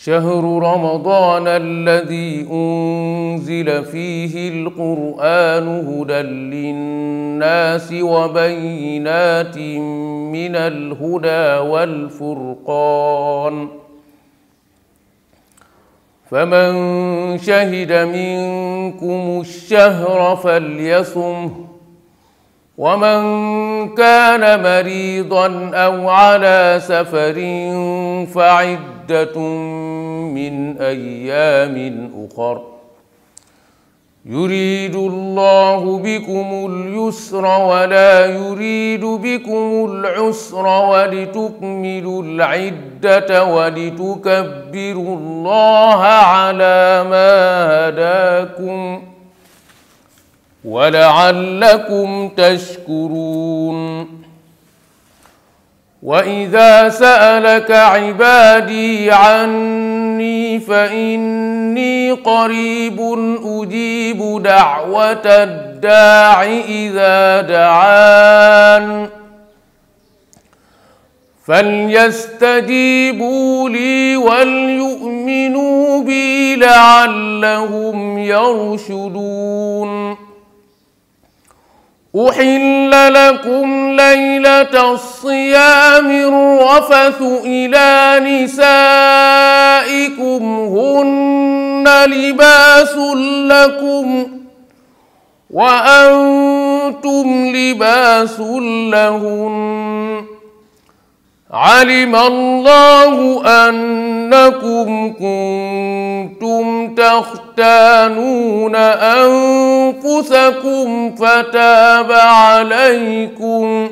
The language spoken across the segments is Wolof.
شهر رمضان الذي أنزل فيه القرآن هدى للناس وبينات من الهدى والفرقان فمن شهد منكم الشهر فليصمه ومن كان مريضا أو على سفر فعد عدة من أيام أخر يريد الله بكم اليسر ولا يريد بكم العسر ولتكملوا العدة ولتكبروا الله على ما هداكم ولعلكم تشكرون واذا سالك عبادي عني فاني قريب اجيب دعوه الداع اذا دعان فليستجيبوا لي وليؤمنوا بي لعلهم يرشدون أحل لكم ليلة الصيام الرفث إلى نسائكم هن لباس لكم وأنتم لباس لهن علم الله أنكم كنتم تختارون تختانون أنفسكم فتاب عليكم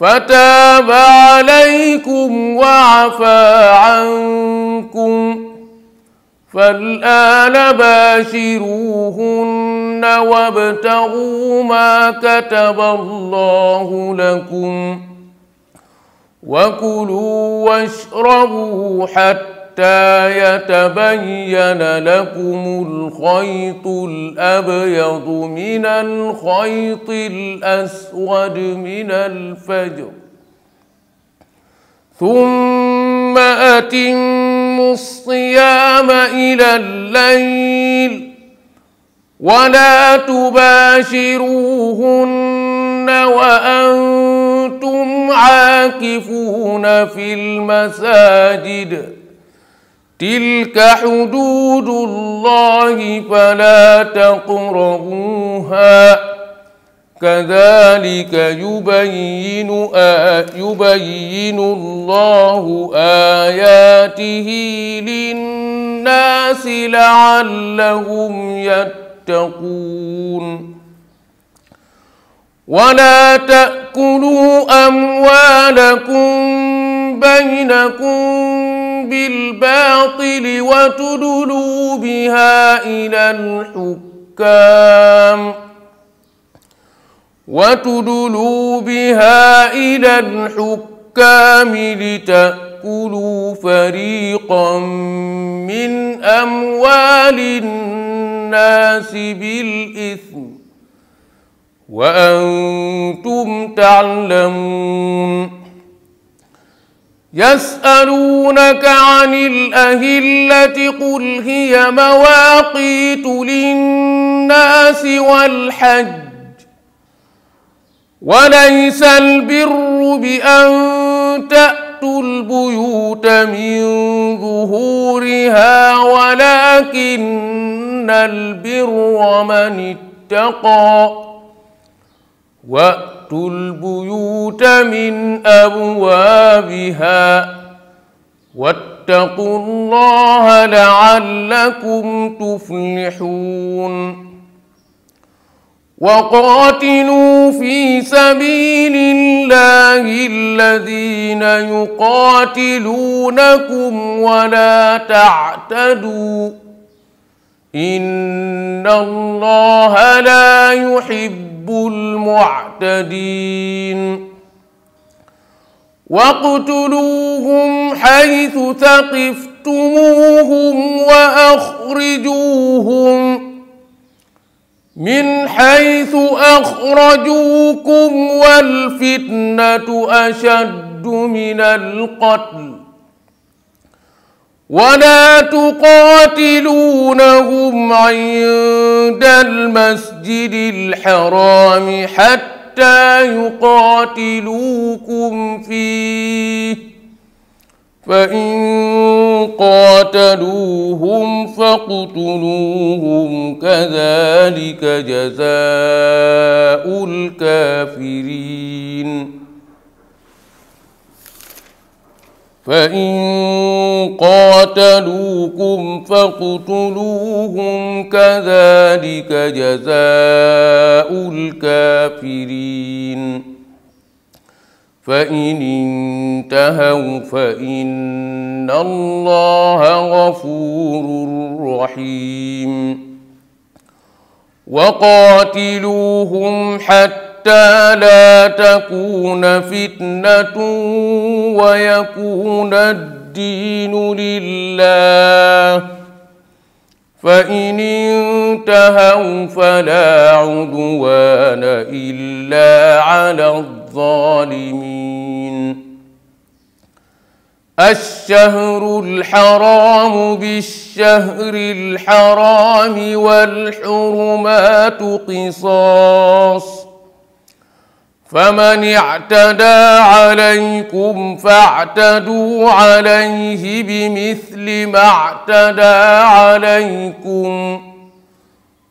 فتاب عليكم وعفى عنكم فالآن باشروهن وابتغوا ما كتب الله لكم وكلوا واشربوا حتى حتى يتبين لكم الخيط الابيض من الخيط الاسود من الفجر ثم اتموا الصيام الى الليل ولا تباشروهن وانتم عاكفون في المساجد تلك حدود الله فلا تقربوها كذلك يبين يبين الله آياته للناس لعلهم يتقون ولا تأكلوا أموالكم بينكم بالباطل وتدلوا بها إلى الحكام وتدلوا بها إلى الحكام لتأكلوا فريقا من أموال الناس بالإثم وأنتم تعلمون يسألونك عن الأهلة قل هي مواقيت للناس والحج وليس البر بأن تأتوا البيوت من ظهورها ولكن البر من اتقى وأتقى وأتوا البيوت من أبوابها واتقوا الله لعلكم تفلحون وقاتلوا في سبيل الله الذين يقاتلونكم ولا تعتدوا إن الله لا يحب المعتدين واقتلوهم حيث ثقفتموهم وأخرجوهم من حيث أخرجوكم والفتنة أشد من القتل ولا تقاتلونهم عند المسجد الحرام حتى يقاتلوكم فيه فإن قاتلوهم فاقتلوهم كذلك جزاء الكافرين فإن قاتلوكم فاقتلوهم كذلك جزاء الكافرين فإن انتهوا فإن الله غفور رحيم وقاتلوهم حتى حتى لا تكون فتنة ويكون الدين لله فإن انتهوا فلا عدوان إلا على الظالمين الشهر الحرام بالشهر الحرام والحرمات قصاص فمن اعتدى عليكم فاعتدوا عليه بمثل ما اعتدى عليكم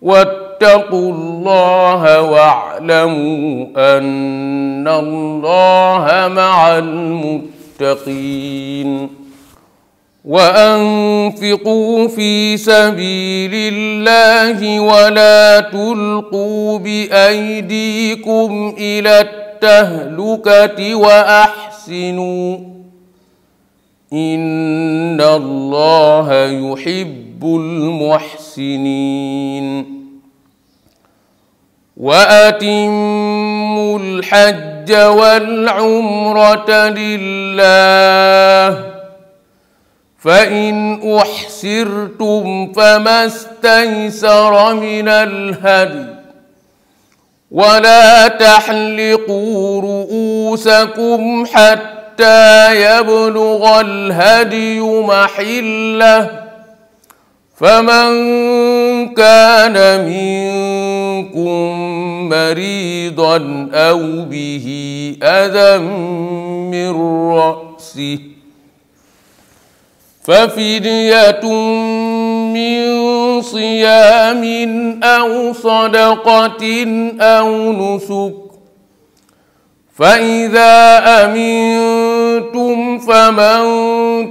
واتقوا الله واعلموا ان الله مع المتقين وانفقوا في سبيل الله ولا تلقوا بايديكم الى التهلكه واحسنوا ان الله يحب المحسنين واتموا الحج والعمره لله فإن أحسرتم فما استيسر من الهدي ولا تحلقوا رؤوسكم حتى يبلغ الهدي محله فمن كان منكم مريضا أو به أذى من رأسه ففدية من صيام أو صدقة أو نسك فإذا أمنتم فمن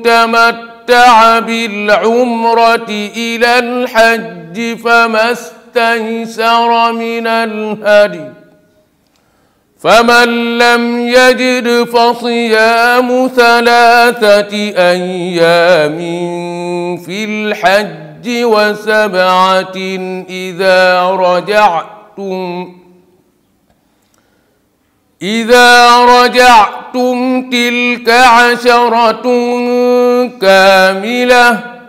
تمتع بالعمرة إلى الحج فما استيسر من الهدي فمن لم يجد فصيام ثلاثة أيام في الحج وسبعة إذا رجعتم إذا رجعتم تلك عشرة كاملة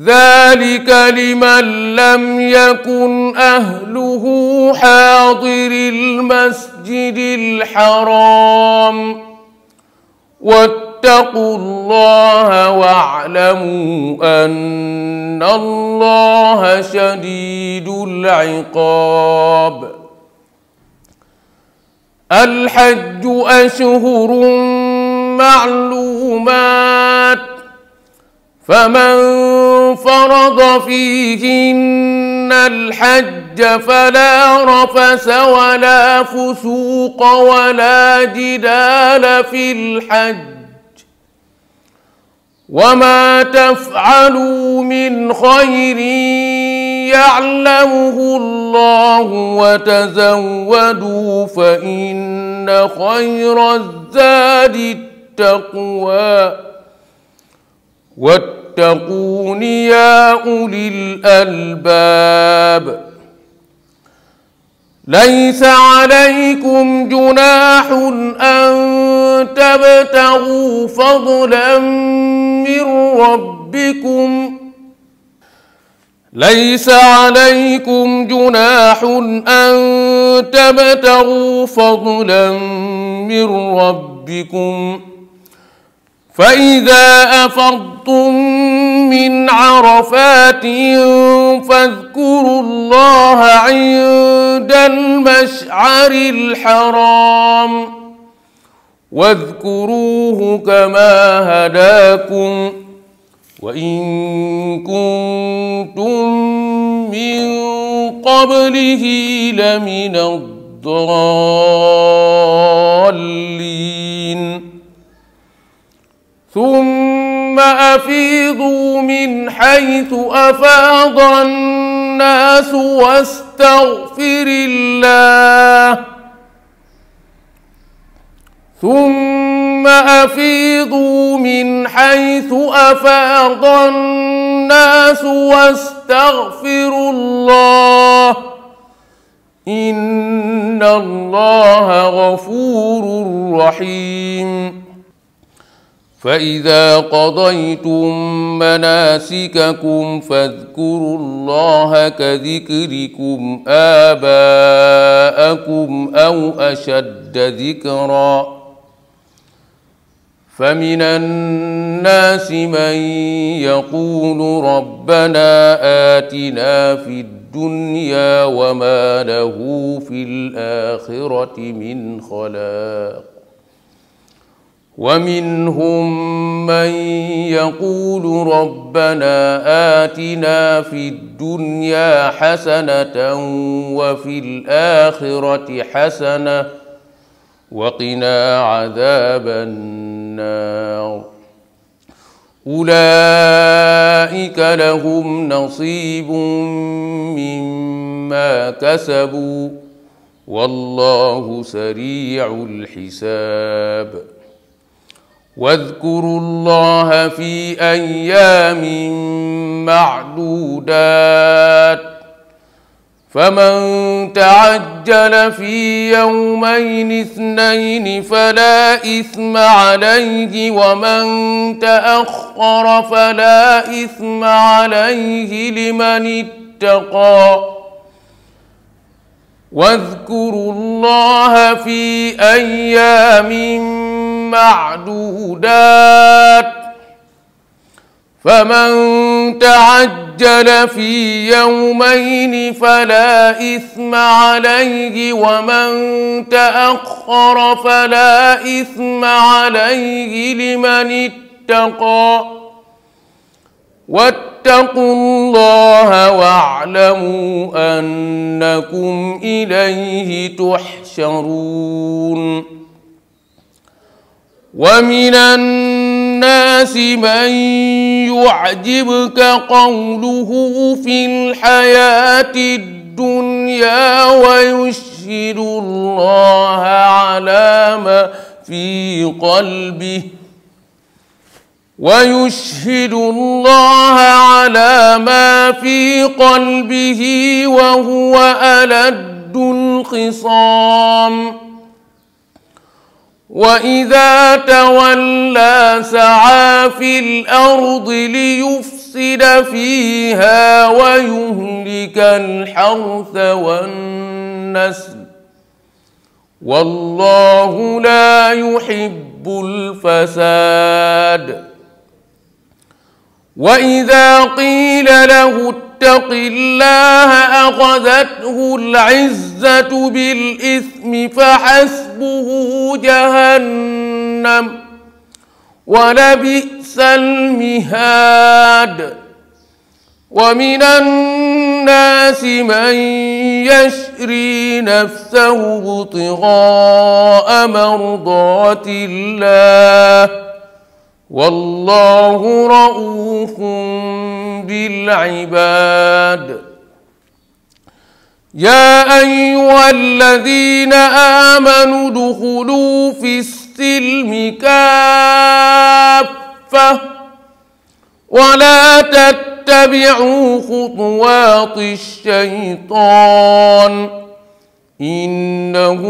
ذلك لمن لم يكن اهله حاضر المسجد الحرام واتقوا الله واعلموا ان الله شديد العقاب الحج اشهر معلومات فمن فرض فيهن الحج فلا رفس ولا فسوق ولا جدال في الحج وما تفعلوا من خير يعلمه الله وتزودوا فإن خير الزاد التقوى واتقون يا أولي الألباب ليس عليكم جناح أن تبتغوا فضلا من ربكم ليس عليكم جناح أن تبتغوا فضلا من ربكم فإذا أفضتم من عرفات فاذكروا الله عند المشعر الحرام واذكروه كما هداكم وإن كنتم من قبله لمن الضالين ثم افيضوا من حيث افاض الناس واستغفر الله ثم افيضوا من حيث افاض الناس واستغفروا الله ان الله غفور رحيم فإذا قضيتم مناسككم فاذكروا الله كذكركم آباءكم أو أشد ذكرًا فمن الناس من يقول ربنا آتنا في الدنيا وما له في الآخرة من خلاق ومنهم من يقول ربنا آتنا في الدنيا حسنة وفي الآخرة حسنة وقنا عذاب النار أولئك لهم نصيب مما كسبوا والله سريع الحساب واذكروا الله في ايام معدودات فمن تعجل في يومين اثنين فلا اثم عليه ومن تاخر فلا اثم عليه لمن اتقى واذكروا الله في ايام معدودات فمن تعجل في يومين فلا اثم عليه ومن تاخر فلا اثم عليه لمن اتقى واتقوا الله واعلموا انكم اليه تحشرون ومن الناس من يعجبك قوله في الحياه الدنيا ويشهد الله على ما في قلبه ويشهد الله على ما في قلبه وهو ألد الخصام وإذا تولى سعى في الأرض ليفسد فيها ويهلك الحرث والنسل والله لا يحب الفساد واذا قيل له اتق الله اخذته العزه بالاثم فحسبه جهنم ولبئس المهاد ومن الناس من يشري نفسه ابتغاء مرضات الله والله رؤوف بالعباد يا ايها الذين امنوا ادخلوا في السلم كافه ولا تتبعوا خطوات الشيطان انه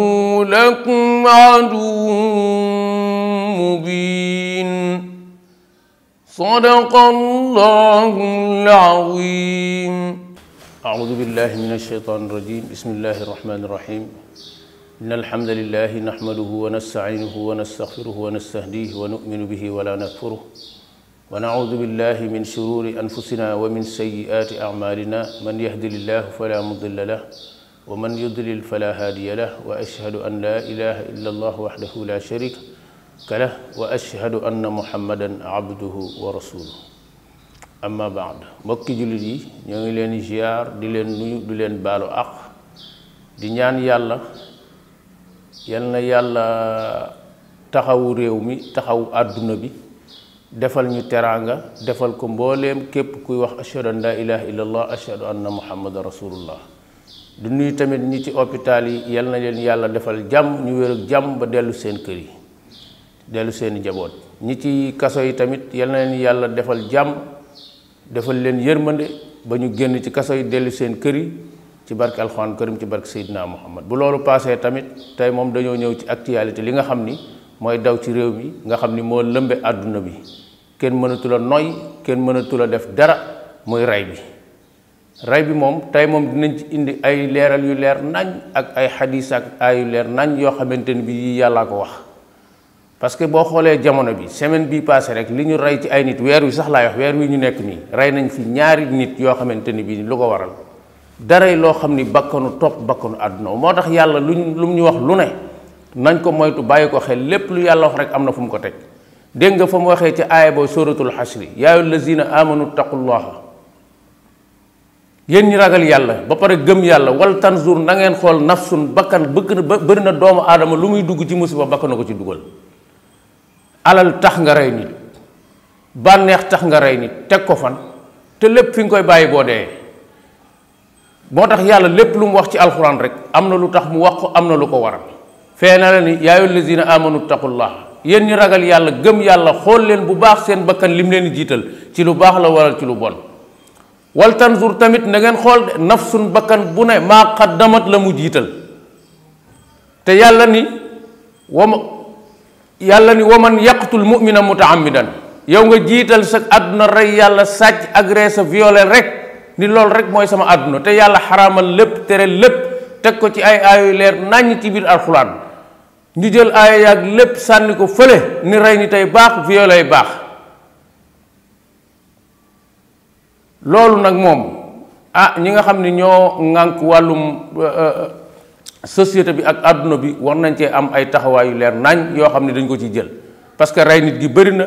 لكم عدو مبين صدق الله العظيم أعوذ بالله من الشيطان الرجيم بسم الله الرحمن الرحيم إن الحمد لله نحمده ونستعينه ونستغفره ونستهديه ونؤمن به ولا نكفره ونعوذ بالله من شرور أنفسنا ومن سيئات أعمالنا من يهدي الله فلا مضل له ومن يضلل فلا هادي له وأشهد أن لا إله إلا الله وحده لا شريك له wa له anna أن محمدا wa ورسوله amma بعد mbokki jullit yi ñoo ngi leen ziar di leen nuyu di leen baalu aq di ñaan yàlla yal na yàlla taxawu réew mi taxawu àdduna bi defal ñu teraanga defal ko mbooleem képp kuy wax ashhadu an laa ilaha illallah ashhadu anna muhammadan rasulullah di nuyu tamit ñi ci hôpital yi yal na leen yàlla defal jàmm ñu wér ak jàmm ba dellu seen kër yi dellu seeni njaboot ñi ci kaso yi tamit yal na leen yàlla defal jàmm defal leen yërmande ba ñu génn ci kaso yi dellu seen kër yi ci barke alxuraan karim ci barke Seydina Muhammad bu loolu paasee tamit tey moom dañoo ñëw ci actualité li nga xam ni mooy daw ci réew mi nga xam ni moo lëmbe àdduna bi kenn mënatula noy kenn mënatul a def dara muy rey bi rey bi moom tey moom dinañ ci indi ay leeral yu leer nañ ak ay xadiis ak ay leer nañ yoo xamante ni bi yii yàllaa ko wax parce que boo xoolee jamono bi semaine bi passé rek li ñu rey ci ay nit weer wi sax laay weer wi ñu nekk nii rey nañ fi ñaari nit yoo xamante ni bii lu ko waral daray loo xam ni bakkanu topp bakkanu àdduna moo tax yàlla luñ lu ñu wax lu ne nañ ko moytu bàyyi ko xel lépp lu yàlla wax rek am na fu mu ko teg dégg nga fa mu waxee ci aaya ba suratul xasri yaayu lazina amanu taqullaha yéen ñi ragal yàlla ba pare gëm yàlla wal tanzur na ngeen xool nafsun bakkan bëgg na bëri na doomu aadama lu muy dugg ci musiba bakkan na ko ci dugal alal tax nga rey nit banex tax nga rey nit tek ko fan te lepp fi ngoy baye bo de motax yalla lepp lu mu wax ci alxuraan rek amna lu tax mu wax ko amna lu ko waral fee la ni ya ayyul ladzina amanu taqullah yen ñi ragal yalla gem yalla xol leen bu baax seen bakkan lim leen jital ci lu baax la waral ci lu bon wal tanzur tamit na ngeen xol nafsun bakkan bu ne ma qaddamat la mu jital te yalla ni wama Yalla ni waman yaqtul mu'mina muta'ammidan yow nga jital sa àdduna rey yàlla sàcc agressé violé rek ni lol rek moy sama aduna te yalla xaraamal lepp tere lepp tek ko ci ay aayu leer nañ ci bir alquran ni jël ay ak lepp sanni ko fele ni ray ni tay bax violé bax lolou nak mom ah ñi nga xam ne société bi ak àdduna bi war nañ cee am ay taxawaayu leer nañ yoo xam ne dañ ko ci jël parce que rey nit gi bëri na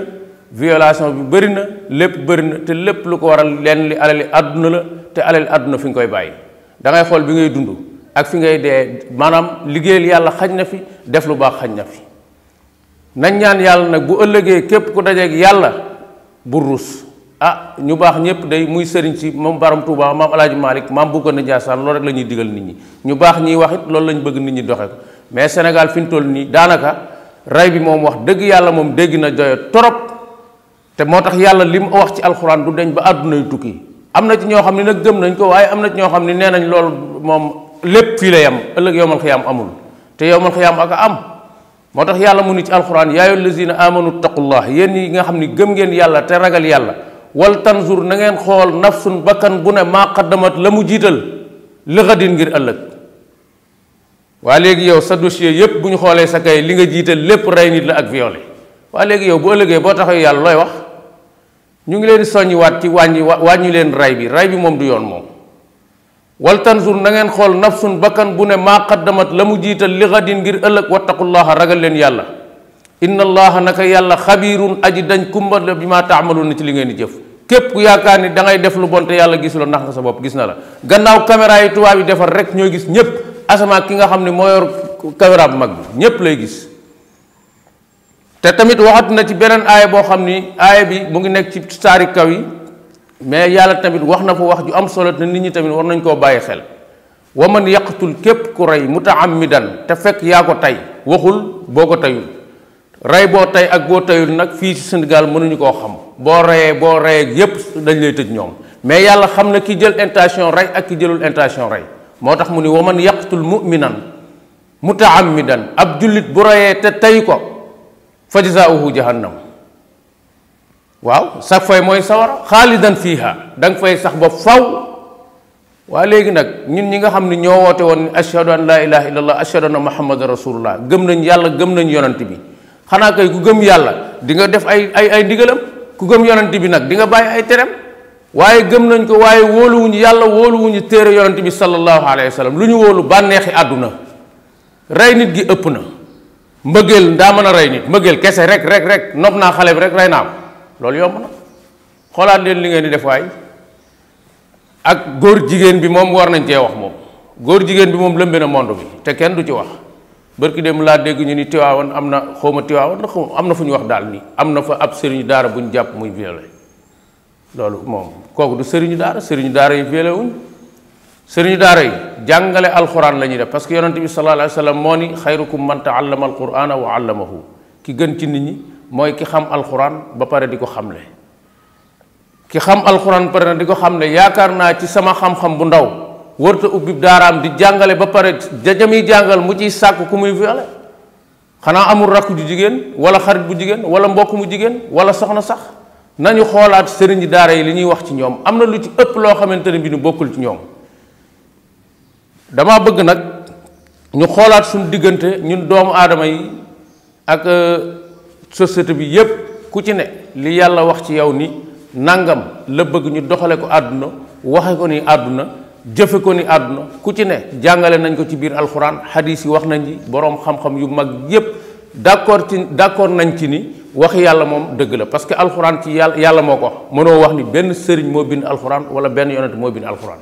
violation bi bëri na lépp bëri na te lépp lu ko waral leen li alali àdduna la te alali àdduna fi nga koy bàyyi da xool bi ngay dund ak fi ngay dee maanaam liggéeyal yàlla xaj na fi def lu baax xaj na fi nañ ñaan yàlla nag bu ëllëgee képp ku dajeeg yàlla bu ruus ah ñu bax ñëpp day muy sëriñ ci mom baram Touba maam alaaji malik maam buggoon na jaasaan lool rek lañuy diggal digal nit ñi ñu bax ñi waxit lool lañ bëgg nit ñi doxé mais sénégal fiñ toll ni danaka ray bi moom wax dëgg yalla moom dégg na joyo torop te motax yalla lim wax ci alcorane du deñ ba aduna yu tukki amna ci ño xamni nak gëm nañ ko waye amna ci ño xamni nenañ lool mom lepp moom la yam ëlëk yowmal xiyaam amul te yowmal xiyaam ak am motax yalla mu ni ci alxuraan yaayu lazina amanu taqullaha yen yi nga xamni ne gëm ngeen yalla te ragal yalla wal tanzur na ngeen xool nafsun bakkan bu ne maa qaddamat la mu jiital li ngir ëllëg waa léegi yow sa dossier yépp bu ñu xoolee sa kay li nga jiital lépp rey nit la ak violé waa léegi yow bu ëllëgee boo taxaw yàlla looy wax ñu ngi leen soññiwaat ci wàññi wàññi leen ray bi ray bi moom du yoon moom wal tanzur na ngeen xool nafsun bakkan bu ne maa qaddamat la mu jiital li ngir ëllëg wattaqullaha ragal leen yàlla inna allaha naka yàlla xabiirun aji dañ kumba bi maa taamaloon na ci li ngeen di jëf képp ku yaakaar ni dangay ngay def lu bon te yàlla gisuloo ndax nga sa bopp gis na la gannaaw caméra yi tubaab yi defar rek ñoo gis ñëpp asamaa ki nga xam ne moo yor caméra bu mag bi ñëpp lay gis. te tamit waxat na ci beneen aaya boo xam ni aaya bi mu ngi nekk ci saari kaw yi mais yàlla tamit wax na fa wax ju am solo te nit ñi tamit war nañ koo bàyyi xel. waman yaqtul képp ku rey mutaamidan te fekk yaa tey waxul boo ko teyul. rey boo tey ak boo teyul nag fii ci Sénégal mënuñu koo xam boo reyee boo reyee yépp dañ lay tëj ñoom mais yàlla xam na ki jël intention rey ak ki jëlul intention rey moo tax mu ni waman yaqtul muminan mutaammidan ab jullit bu reyee te tey ko fa jazaauhu jahannam waaw sax fay mooy sawara xaalidan fiiha da nga fay sax ba faw waa léegi nag ñun ñi nga xam ne ñoo woote woon ni ashhadu an laa ilaha illallah ashhadu anna muhammadan rasulullah gëm nañ yàlla gëm nañ yonant bi xana kay ku gëm yàlla di nga def ay ay ay ndigalam ku gëm yonent bi nag di nga bàyyi ay terem waaye gëm nañ ko waaye wóoluwuñu yàlla wóoluwuñu téere yonent bi sallallahu alayhi wa sallam lu ñu wóolu bànneexi àdduna rey nit gi ëpp na mbëggeel ndaa mën a nit mbëggeel kese rek rek rek nopp naa xale rek rey naa ko loolu yomb na xoolaat leen li ngeen di def waay ak góor jigéen bi moom war nañ cee wax moom góor jigéen bi moom lëmbe na monde bi te kenn du ci wax bërki dem laa dégg ñu ni Tiwaawan am na xawma Tiwaawan ndax am na fu ñu wax daal nii am na fa ab sëriñu daara bu jàpp muy violé loolu moom kooku du sëriñu daara sëriñu daara yi violé wuñ sëriñu daara yi jàngale alxuraan la ñuy def parce que yonent bi sallallahu alayhi wa sallam moo ni xayrukum man taallama alqurana wa allamahu ki gën ci nit ñi mooy ki xam alxuraan ba pare di ko xamle ki xam alxuraan ba pare di ko xamle yaakaar naa ci sama xam-xam bu ndaw warta ubbi daaraam di jàngale ba pare jajami jàngal mu ci sàkk ku muy viole xanaa amul rakku ju jigéen wala xarit bu jigéen wala mbokk mu jigéen wala soxna sax nañu xoolaat sëriñ daara yi li ñuy wax ci ñoom am na lu ci ëpp loo xamante ne bi ñu bokkul ci ñoom dama bëgg nag ñu xoolaat suñu diggante ñun doomu aadama yi ak euh, société bi yépp ku ci ne li yàlla wax ci yow ni nangam la bëgg ñu doxale ko àdduna waxe ko ni àdduna jëfe ko ni àdduna ku ci ne jàngale nañ ko ci biir alxuraan hadis yi wax nañ ci boroom xam-xam yu mag yépp d'accord ci d'accord nañ ci ni wax yàlla moom dëgg la parce que alxuraan ci yàlla yàlla moo ko mënoo wax ni benn sëriñ moo bind alxuraan wala benn yonent moo bind alxuraan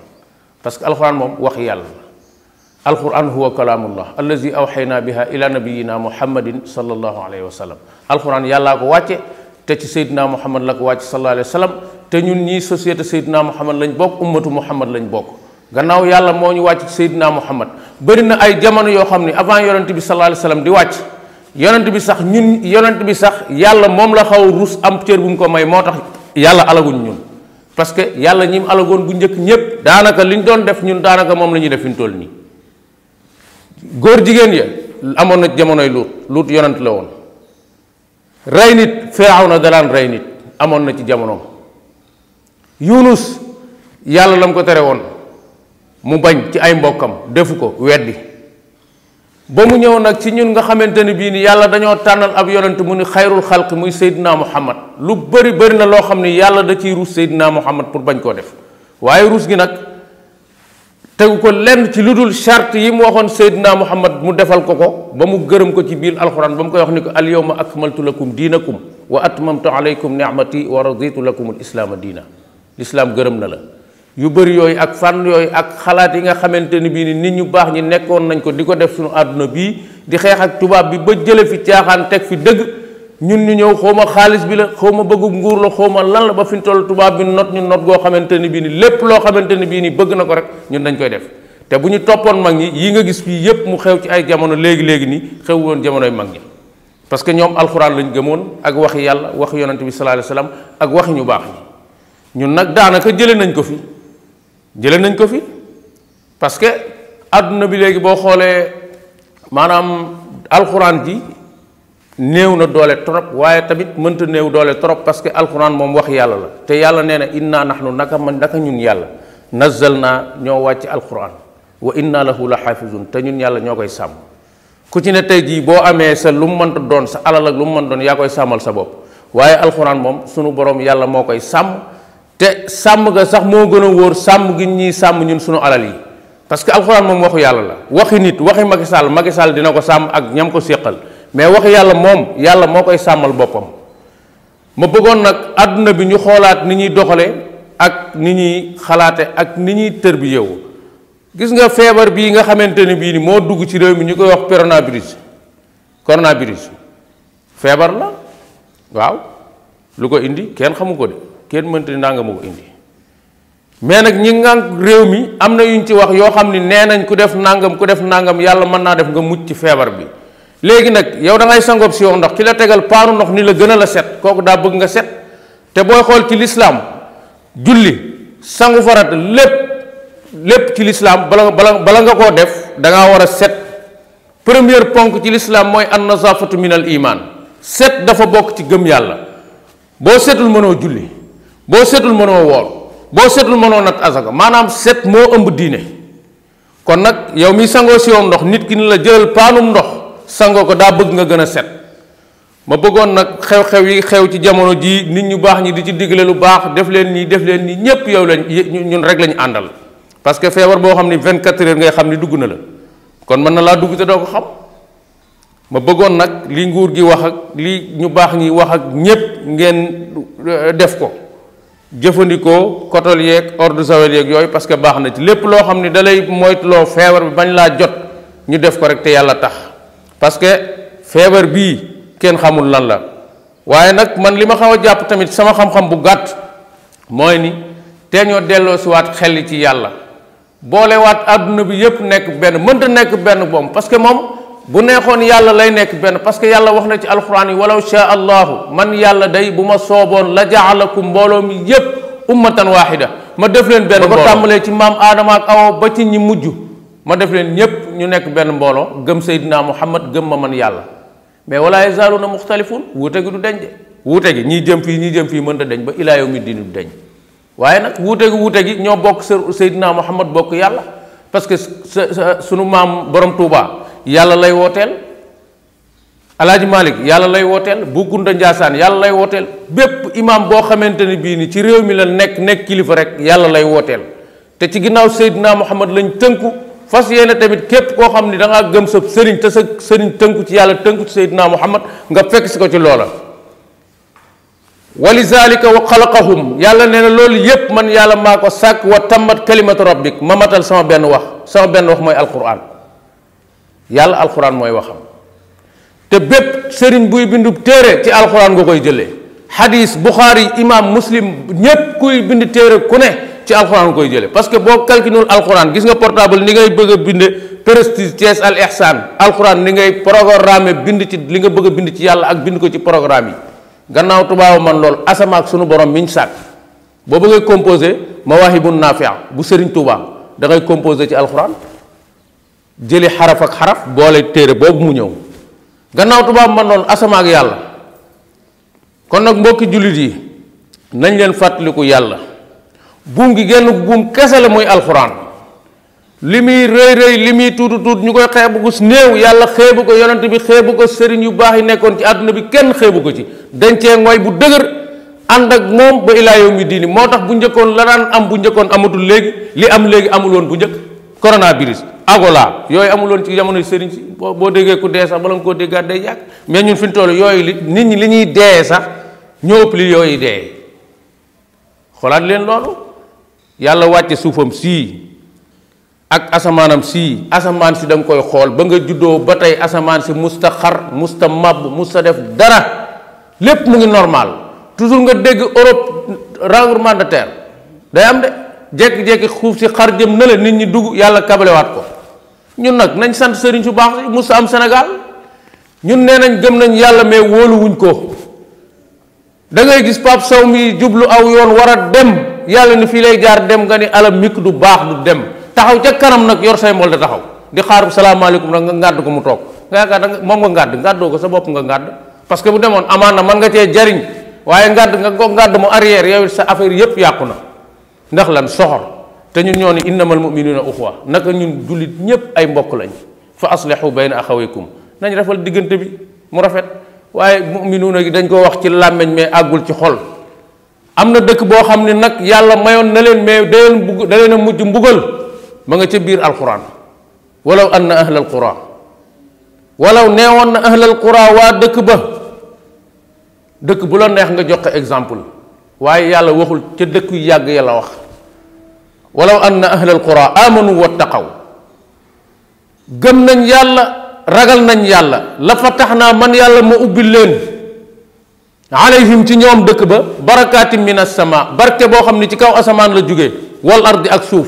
parce que alxuraan moom wax yàlla la alxuraan huwa kalaamullah allazi bi biha ila nabiyina muhammadin sallallahu alayhi wa sallam alxuraan yàllaa ko wàcce te ci seydina muhammad la ko wàcce sallallahu alayhi wa sallam te ñun ñii société seydina muhammad lañ bokk ummatu muhammad lañ bokk gannaaw yàlla moo ñu wàcc ci Seydina Muhammad bëri na ay jamono yoo xam ni avant yonent bi sallallahu alayhi di wàcc yonent bi sax ñun yonent bi sax yàlla moom la xaw rus am cër bu mu ko may moo tax yàlla alaguñ ñun parce que yàlla ñi mu alagoon bu njëkk ñépp daanaka li ñu doon def ñun daanaka moom la ñuy def fi ñu nii góor jigéen ya amoon na jamonoy luut luut yonent la woon rey nit firaaw na dalaan rey nit amoon na ci jamonoom yunus yàlla la mu ko tere woon mu bañ ci ay mbokkam defu ko weddi ba mu ñëw nag ci ñun nga xamante ni bii ni yàlla dañoo tànnal ab yonent mu ni xayrul xalq muy Seydina Muhammad lu bari bari na loo xam ni yàlla da ciy ruus Seydina Muhammad pour bañ koo def waaye ruus gi nag tegu ko lenn ci lu dul charte yi mu waxoon Seydina Muhammad mu defal ko ko ba mu gërëm ko ci biir alxuraan ba mu koy wax ni ko al yawma akmaltu lakum diinakum wa atmamtu alaykum ni'mati wa raditu lakum al islaama diina lislaam gërëm na la yu bari yoy ak fan yoy ak xalaat yi nga xamanteni bi ni nit ñu baax ñi nekkoon nañ ko di ko def suñu aduna bi di xeex ak tubaab bi ba jële fi caaxaan teg fi dëgg ñun ñu ñëw xawma xaalis bi la xawma bëggub nguur la xawma lan la ba fi toll tubaab bi not ñu not goo xamanteni bi ni lépp loo xamanteni bi ni bëgg na ko rek ñun dañ koy def te bu ñu toppoon mag ñi yi nga gis fii yépp mu xew ci ay jamono léegi-léegi ni xew woon jamono mag ñi parce que ñoom alxuraan lañ gëmoon ak waxi yàlla wax yonante bi sallallahu alayhi wasallam ak waxi ñu baax ñi ñun nag daanaka jële nañ ko fi jëlee nañ ko fi parce que àdduna bi léegi boo xoolee maanaam alxuraan ji néew na doole trop waaye tamit mënta néew doole trop parce que alxuraan moom wax yàlla la te yàlla nee na inna nahnu naka man naka ñun yàlla nazzal naa ñoo wàcc alxuraan wa inna lahu la xaafizun te ñun yàlla ñoo koy sàmm ku ci ne tey jii boo amee sa lu mu mënta doon sa alal ak lu mu mën doon yaa koy sàmmal sa bopp waaye alxuraan moom sunu borom yàlla moo koy sàmm te sam ga sax mo gëna wor sam gi ñi sam ñun suñu alal yi parce que alxuraan mom waxu yalla la waxi nit waxi Macky Sall Macky Sall dina ko sam ak ñam ko séqal mais waxi yalla mom yalla mo koy samal bopam ma bëggon nak aduna bi ñu xolaat ni ñi doxale ak ni ñi xalaate ak ni ñi terbi bi yow gis nga feebar bi nga xamanteni ni ni mo dugg ci rew mi ñu koy wax coronavirus coronavirus feebar la waw lu ko indi kenn xamu ko de kenn mënta nangamu ko indi mais nak ñi nga réew mi amna yuñ ci wax yo xamni nenañ ku def nangam ku def nangam yalla mën na def nga mucc ci febar bi léegi nak yow da ngay sangop ci yow ndox ki la tégal paru ndox ni la gëna a la set koku da bëgg nga set té boy xol ci l'islam julli sangu farat lepp lepp ci l'islam bala bala nga ko def da nga wara set Premier ponk ci l'islam moy an nazafatu min al iman set dafa bok ci gëm yalla bo setul mëno julli bo setul mënoo wor bo setul mënoo nak azaka manam set mo ëmb diiné kon nak yow mi sango ci yow ndox nit ki ni la jël paanum ndox sango ko da bëgg nga gëna set ma bëggon nak xew-xew yi xew ci jamono ji nit ñu bax ñi di ci digle lu bax def leen ni def leen ni ñepp yow lañ ñun rek lañ andal parce que fever bo xamni 24 heures ngay xamni dugg na la kon man na la dugg te do ko xam ma bëggon nak li nguur gi wax ak li ñu bax ñi wax ak ñepp ngeen euh, def ko jëfandikoo kotol yeeg ordre sawel yeeg yooyu parce que baax na ci lépp loo xam ne dalay moytuloo feebar bi bañ laa jot ñu def ko rek te yàlla tax parce que feebar bii kenn xamul lan la waaye nag man li ma xaw a jàpp tamit sama xam-xam bu gàtt mooy ni te ñoo delloo si waat xel ci yàlla boolewaat àdduna bi yépp nekk benn mënta nekk benn boom parce moom bu neexoon yàlla lay nekk benn parce que yàlla wax na ci alxuraan yi walaw shaa allahu man yàlla day bu ma sooboon la jaalakum mbooloo mi yépp ummatan waahida ma def leen benn mbooloo ba tàmbalee ci maam aadama ak ba ci ñi mujj ma def leen ñépp ñu nekk benn mbooloo gëm seydinaa muhammad gëm ma man yàlla mais walaa yazaaluuna muxtalifuun wuute gi du deñ de wuute gi ñii jëm fii ñii jëm fii mënta deñ ba ilaa yawmi diin du deñ waaye nag wuute gi wuute gi ñoo bokk seydinaa muhammad bokk yàlla parce que sa sunu maam borom tuubaa yàlla lay wooteel alaaji Malick yàlla lay wooteel bu Gunda Njaasaan yàlla lay wooteel bépp imam boo xamante ni bii nii ci réew mi la nekk nekk kilifa rek yàlla lay wooteel te ci ginnaaw Seydina Muhammad lañ tënku fas yéene tamit képp koo xam ni danga gëm sa sëriñ te sëriñ tënku ci yàlla tënku ci Seydina Muhammad nga fekk si ko ci loola walizalika wa xalaqahum yàlla nee na loolu yépp man yàlla maa ko sàkk wa tammat kalimatu rabbik ma matal sama benn wax sama benn yàlla alxuraan mooy waxam te bépp sëriñ buy bindu téere ci alxuraan boo koy jëlee hadis buxaari imam muslim ñépp kuy bind téere ku ne ci alxuraan nga koy jëlee parce que boo calculul alxuraan gis nga portable ni ngay bëgg a binde prestige Thiès al ihsan alxuraan ni ngay programme bind ci li nga bëgg a bind ci yàlla ak bind ko ci programme yi gannaaw tubaabu man lool asamaak sunu borom miñ sàkk boo bëggee composé mawahibun nafia bu sëriñ Touba da ngay composé ci alxuraan jeli harafak ak xaraf boole téere boobu mu ñëw gannaaw tuba man noonu asama ak yàlla kon nag mbokki julit yi nañ leen fàttaliku yàlla buum gi genn buum kese la muy limi li muy rëy rëy li muy tuuti tuut ñu koy xeebu ko néew yàlla xeebu ko yonent bi xeebu ko sëriñ yu baax yi nekkoon ci àdduna bi kenn xeebu ko ci dencee ngooy bu dëgër ànd ak moom ba ilaa yow mi diini moo bu njëkkoon la daan am bu njëkkoon amatul léegi li am léegi amul woon bu njëkk coronavirus agola yooyu amuloon ci jamono sëriñ si boo boo déggee ku dee sax bala nga koo déggaat day yàgg mais ñun fi ñu toll yooyu li nit ñi li ñuy dee sax ñoo ëpp li yooyu dee xoolaat leen loolu yàlla wàcce suufam sii ak asamaanam sii asamaan si da koy xool ba nga juddoo ba tey asamaan si musta xar musta màbb musta def dara lépp mu ngi normal toujours nga dégg Europe renversement de day am de jékki-jékki xuuf si xar jëm na la nit ñi dugg yàlla kabalewaat ko ñun nak nañ sant serigne su baax musa am senegal ñun nenañ nañ gëm nañ yalla me wolu wuñ ko da ngay gis pap saw mi jublu aw yoon wara dem yalla ni fi lay jaar dem gani alam mik du baax du dem taxaw ca kanam nak yor say mol da taxaw di xaar alaykum nak nga ngad ko mu tok nga yaakaar mom nga ngad ngad ko sa bop nga ngad parce que bu demoon amana man nga te jariñ waye ngad nga ko mu arrière yow sa affaire yep yakuna ndax lan soxor te ñun ñoo ni innamal muminuuna uxwa naka ñun jullit ñépp ay mbokk lañ fa aslihu bayna axawaykum nañ rafal diggante bi mu rafet waaye muminuuna gi dañ ko wax ci làmmeñ mais àggul ci xol am na dëkk boo xam ne nag yàlla mayoon na leen mais da leen bugg da leen a mujj mbugal ma nga ca biir alquran walaw anna ahlal qura walaw na ahlal qura waa dëkk ba dëkk bu la neex nga joxe exemple waaye yàlla waxul ca dëkk yàgg ya la wax walaw anna ahla alqura amanu wattaqaw gëm nañ yàlla ragal nañ yàlla la fataxnaa man yàlla ma ubbi leen alayhim ci ñoom dëkk ba barakaatim min assama barke boo xam ne ci kaw asamaan la jóge wal ardi ak suuf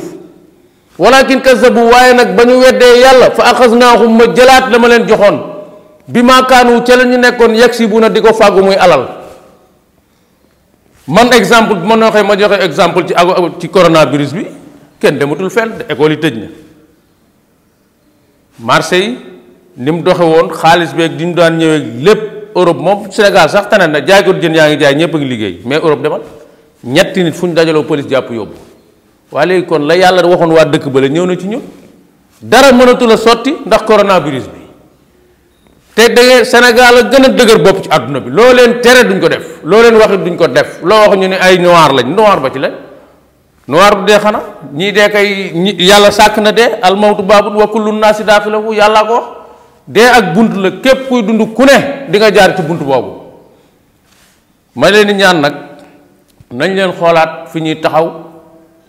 walakin kazabu waaye nag ba ñu weddee yàlla fa axasnaahum ma jëlaat la ma leen joxoon bi ma kaanu ca la ñu nekkoon yegg si bu na di ko fàggu muy alal man exemple bu ma noxee ma joxe exemple ci ci coronavirus bi kenn dematul fenn école yi tëj na marché yi ni mu doxe woon xaalis beeg di ñu daan ñëwee lépp Europe moom Sénégal sax tane na jaay ko jën yaa ngi jaay ñëpp a ngi liggéey mais Europe demal ñetti nit fu ñu dajaloo police jàpp yóbbu waaye léegi kon la yàlla waxoon waa dëkk ba la ñëw na ci ñun dara mënatu la sotti ndax coronavirus bi te dégg Sénégal a gën a dëgër bopp ci àdduna bi loo leen tere duñ ko def loo leen wax duñ ko def loo wax ñu ne ay noir lañ noir ba ci lañ. noir du dee xanaa ñii de kay yàlla sàkk na de dee almawtu baabun wa kullu naasi daaxiluhu yàlla ko wax ak bunt la képp kuy dund ku ne di nga jaar ci bunt boobu ma leen di ñaan nag nañ leen xoolaat fi ñuy taxaw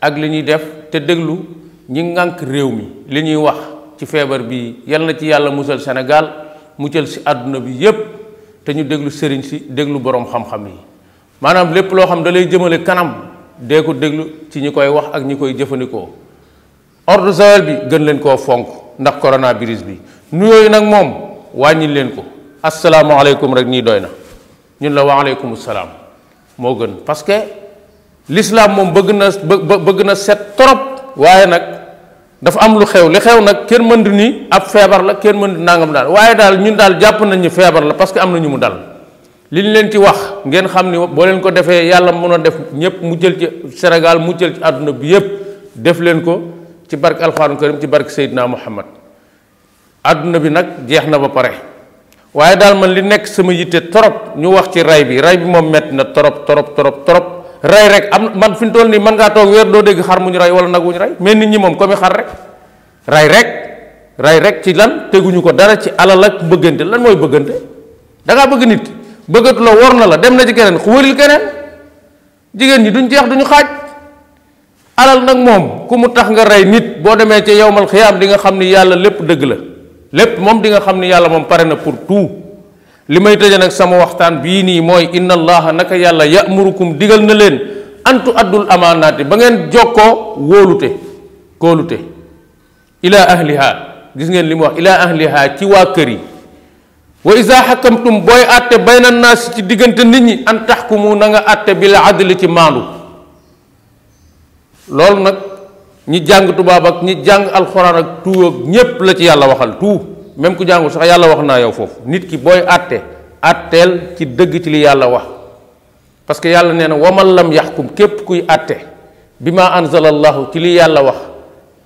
ak li ñuy def te déglu ñi ngànk réew mi li ñuy wax ci feebar bi yal na ci yàlla musal mu mucal si àdduna bi yépp te ñu déglu sëriñ si déglu boroom xam-xam yi maanaam lépp loo xam da lay jëmale kanam de ko deglu ci ñi koy wax ak ñi koy jëfandikoo ordre Sahel bi gën leen koo fonk ndax virus bi nu yooyu nag moom wàññil leen ko alaykum rek nii doy na ñun la alaykum salaam moo gën parce que l'islam moom bëgg na bëgg na set trop waaye nak dafa am lu xew li xew nag kenn mënd ni ab feebar la kenn mënd nangam daal waaye daal ñun daal jàpp nañ ñu feebar la parce que am na mu dal liñ leen ci wax ngeen xam ni boo leen ko defee yàlla mën a def ñëpp mu jël ci Sénégal mu jël ci àdduna bi yépp def leen ko ci barke alxuraan karim ci barke Muhammad àdduna bi nag jeex na ba pare waaye daal man li nekk sama yitte torop ñu wax ci ray bi ray bi moom met na torop torop torop torop ray rek am man fi tol toll man mën ngaa toog weer doo dégg xar mu ñu ray wala nag ñu ray mais nit ñi moom comme xar rek ray rek ray rek ci lan teguñu ko dara ci alal ak bëggante lan mooy bëggante da ngaa bëgg nit bëggat la wor na la dem na ci keneen xuwalil keneen jigéen ñi duñ jeex duñu xaaj alal nag moom ku mu tax nga rey nit boo demee ci yowmal xiyaam di nga xam ni yàlla lépp dëgg la lépp moom di nga xam ni yàlla moom na pour tout li may sama waxtaan bii nii mooy inna allaha naka yàlla yamurukum digal na leen antu addul Aman ba ngeen joko wóolute kóolute ila ahliha gis ngeen li wax ila ahliha ci waa kër wa isa xakamtum booy àtte bayna naas ci diggante nit ñi an taxkumu na nga àtte bil adli ci maandu loolu nag ñi jàng tubaab ak ñi jàng alxuraan ak tuu ñépp la ci yàlla waxal tuu même ku jàngu sax yàlla wax naa yow foofu nit ki booy àtte àtteel ci dëgg ci li yàlla wax parce que yàlla nee na waman lam yaxkum képp kuy àtte bi ma anzala ci li yàlla wax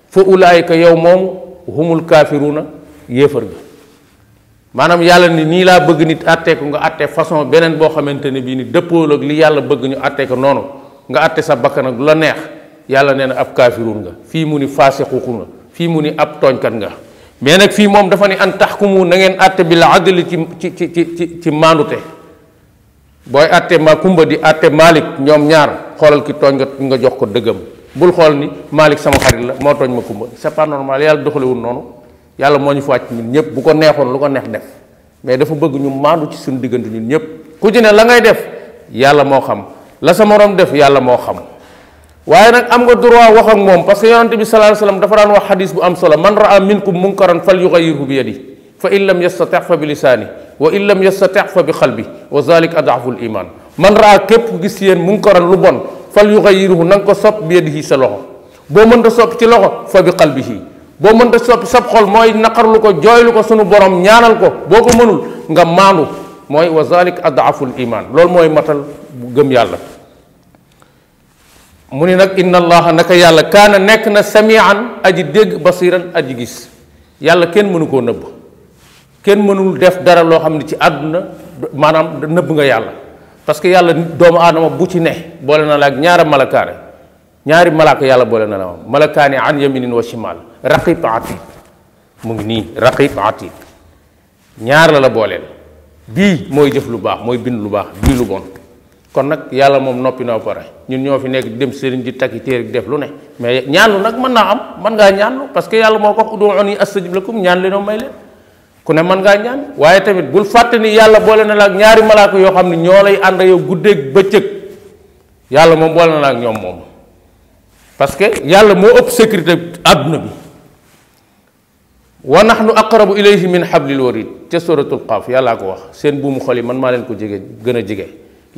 fa ulaayika yow moom humul kaafiruuna yéefar bi manam yalla ni ni la bëgg nit atté ko nga atté façon benen bo xamanteni bi ni deppol ak li yalla bëgg ñu atté ko nonu nga atté sa bakkan ak lu neex yalla neena na ab kaafirun nga fi mu ni faasiqu nga fii mu ni ab kan nga mais nak fi mom dafa ni an tahkumu na ngeen atté bil adl ci ci ci ci ci manuté boy atté ma kumba di atté Malik ñom ñaar xolal ki tooñ nga nga jox ko deugam bul xol ni Malik sama xarit la mo tooñ ma kumba c'est pas normal doxale wu nonu yàlla moo ñu fi wàcc ñun ñëpp bu ko neexoon lu ko neex def mais dafa bëgg ñu maandu ci suñu diggante ñun ñëpp ku ci ne la ngay def yàlla moo xam la sa moroom def yàlla moo xam waaye nag am nga droit wax ak moom parce que yonante bi sallallahu alayhi wasallam dafa daan wax xadis bu am solo man raa minkum munkaran fal yuxayirhu bi yadi fa in lam yastatix fa bi lisaani wa in lam yastatix fa bi xalbi wa zalik adaful iman man raa képp gis yéen munkaran lu bon fal yuxayirhu na nga ko sopp bi yadihi sa loxo boo mënta sopp ci loxo fa bi xalbihi boo mënta soppi sab xol mooy naqarlu ko jooylu ko sunu borom ñaanal ko boo ko mënul nga maandu mooy wa zalik adaful iman loolu mooy matal gëm yàlla mu ni nag inna allaha naka yàlla kaana nekk na samian aji dégg basiran aji gis yàlla kenn mënu koo nëbb kenn mënul def dara loo xam ne ci àdduna maanaam nëbb nga yàlla parce que yàlla doomu aadama bu ci ne boole na la ak ñaara malakaane ñaari malaaka yàlla boole na la moom malakaani an yaminin wa shimal raqib atid mu ngi nii raqib atid ñaar la la booleel bii mooy jëf lu baax mooy bind lu baax bii lu bon kon nag yàlla moom noppi na pare ñun ñoo fi nekk dem sëriñ di takki téere def lu ne mais ñaanlu nag mën naa am mën ngaa ñaanlu parce que yàlla moo ko wax ud'uuni astajib lakum ñaan leen may leen ku ne mën ngaa ñaan waaye tamit bul fàtte ni yàlla boole na la ak ñaari malaaka yoo xam ne ñoo lay ànd yow guddeeg bëccëg yàlla moom boole na ak ñoom moom parce que yàlla moo ëpp sécurité àdduna bi ونحن اقرب اليه من حبل الوريد تي سوره القاف يالا واخ سين بوم خولي من ما كو جيغي غنا جيغي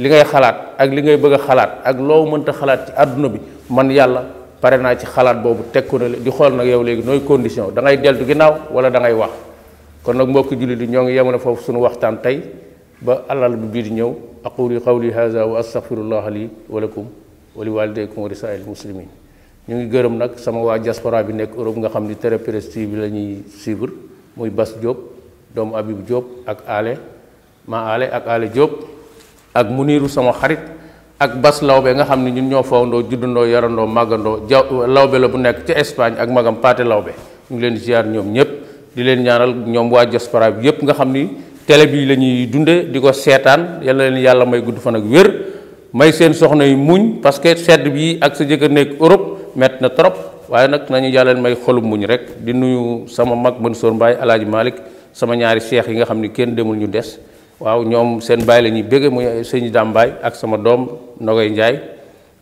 لي غاي خالات اك لي غاي بغا خالات اك لو مونتا خالات تي ادنا بي مان يالا بارينا تي خالات بوبو تيكونا دي خول نا ياو ليغي نوي كونديسيون دا غاي دلتو غيناو ولا دا غاي واخ كون نا موك جولي دي نيوغي يامنا فوف سونو وقتان تاي با الله بي بي نيو اقول قولي هذا واستغفر الله لي ولكم ولوالديكم ورسائل المسلمين ñu ngi gërëm nag sama waa diaspora bi nekk Europe nga xam ni Tere Presse TV la ñuy suivre muy Bas Diop doomu Habib jóob ak Ale ma Ale ak Ale Diop ak Muniru sama xarit ak Bas Lawbe nga xam ni ñun ñoo fawandoo juddandoo yarandoo màggandoo ja Lawbe la bu nekk ci Espagne ak magam Paate Lawbe ñu ngi leen di ñoom ñëpp di leen ñaaral ñoom waa diaspora bi yëpp nga xam ni tele bi la ñuy dundee di ko seetaan yal leen yàlla may gudd fa nag wér may seen soxna yi muñ parce que sedd bi ak sa jëkkër nekk Europe. met na trop waaye nag nañu jàllale may xolum muñ rek di nuyu sama mag Mansour mbay alaaji malik sama ñaari cheikh yi nga xam ni kenn demul ñu des waaw ñoom seen baay la ñuy bëgge muy sëñ dàmbaay ak sama doom Nogay Njaay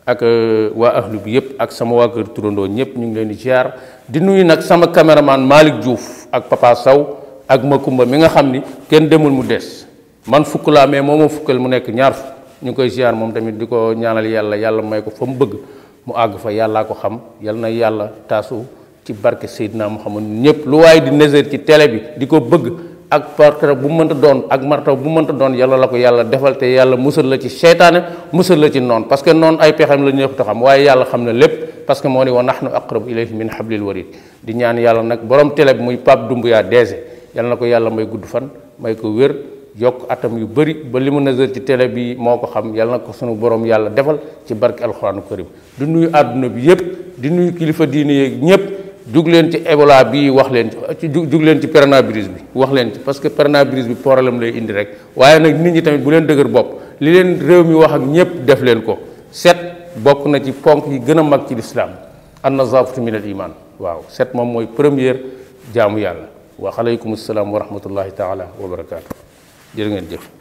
ak euh, waa ahlu bi yëpp ak sama waa kër turandoo ñëpp ñu ngi leen di ziar di nuyu nag sama kameraman malik Diouf ak Papa saw ak Makumba mi nga xam ni kenn demul mu des man fukk laa mais moo fukkal mu nekk ñaar ñu koy ziar moom tamit di ñaanal yàlla yàlla may ko fa bëgg mu àgg fa yàllaa ko xam yal na yàlla taasu ci barke Seydina Muhammad ñëpp lu waaye di néser ci tele bi di ko bëgg ak parkara bu mënta doon ak martaw bu mënta doon yàlla la ko yàlla defal te yàlla musal la ci seytaane musal la ci noon parce que noonu ay pexem la ñëpp ta xam waaye yàlla xam na lépp parce que moo ne wa nahnu aqrabu ilayhi min hablil warid di ñaan yàlla nag borom télé bi muy Pape Doumbouya DG yàlla na ko yàlla may gudd fan may ko wér yokk atam yu bëri ba li mu nazar ci télé bi moo ko xam yàlla na ko sunu boroom yàlla defal ci barke alxuraanu karim du nuyu àdduna bi yëpp di nuyu kilifa diine yeeg ñëpp jug leen ci Ebola bi wax leen ci jug leen ci coronavirus bi wax leen parce que coronavirus bi problème lay indi rek waaye nag nit ñi tamit bu leen dëgër bopp li leen réew mi wax ak ñëpp def leen ko set bokk na ci ponk yi gën a mag ci lislaam an nazaafatu min al iman waaw set moom mooy première jaamu yàlla wa aleykum salaam wa rahmatullahi taala 이런 게 이제